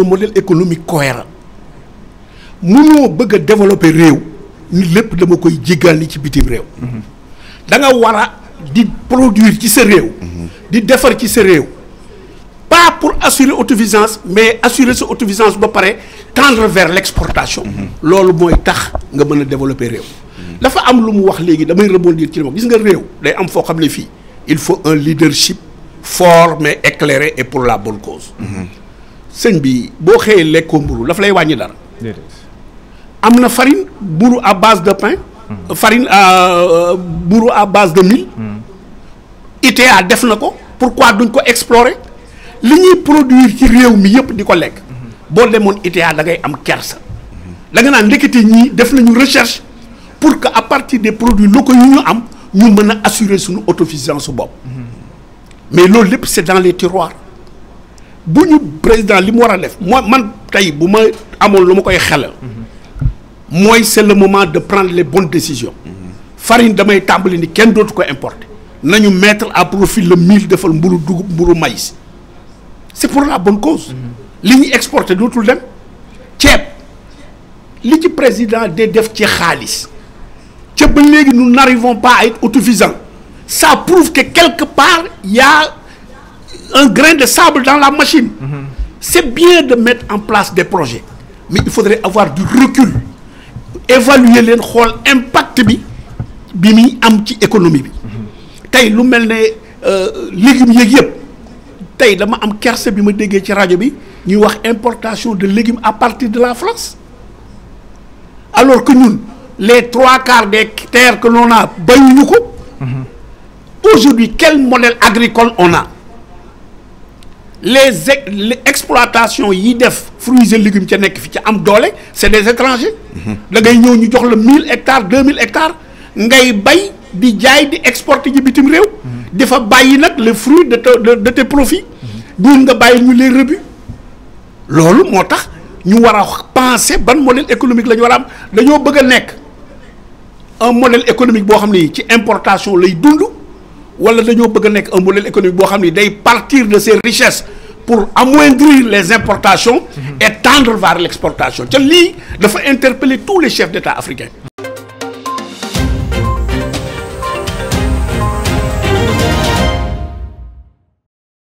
un modèle économique cohérent nous nous développer Réo. nous devons produire pas pour assurer l'autovisance, mais assurer cette autovisance pour tendre vers l'exportation ce qui tax a développer il faut un leadership fort mais éclairé et pour la bonne cause sëñ bi boo xëyee lekkoo mburu dafa lay wàññi farine mburu à base de pain. Hmm. farine à euh, mburu à base de mil. Hmm. ITA def nako, pourquoi duñ ko explorer li produire ci réew mi yëpp di bon lekk. Hmm. boo demoon ITA da ngay am kersa. La nga naan def nañu recherche pour que à partir des produits locaux nous ñu am ñu menons assurer suñu autosuffisance su mais l'eau lip c'est dans les tiroirs. Si le président li moi def mooy man tay buma amone luma koy xelal. moy c'est le moment de prendre les bonnes décisions. farine damay tambali ni ken d'autre ko importer. nañu mettre à profit le mil defal mburu de mburu maïs. c'est pour la bonne cause. liñu exporter dootul dem. ceeb li ci président de def ci khalis ceeb ba nous n'arrivons pas à être autosuffisants. ça prouve que quelque part il y a un grain de sable dans la machine. C'est bien de mettre en place des projets, mais il faudrait avoir du recul, évaluer l'impact l'impact impact bi bi am économie euh, légumes sont Tay dama am bi ma importation de légumes à partir de la France alors que nous, les trois quarts des terres que l'on a mhm. aujourd'hui quel modèle agricole on a les exploitations y fruits et légumes ca fi c'est des étrangers. Mhm. nous avons ñëw ñu 1000 hectares 2000 hectares ngay bay di jaay di exporter ji bitim réew. Mhm. de de, tes profits. Mhm. duun nga bàyyi les rebuts. c'est moo tax ñu war penser ban modèle économique nous avons besoin am un modèle économique qui est ci importation lay dund. wala dañoo bëgg un modèle économique qui est partir de ses richesses pour amoindrir les importations et tendre vers l'exportation. Ce il faut interpeller tous les chefs d'État africains.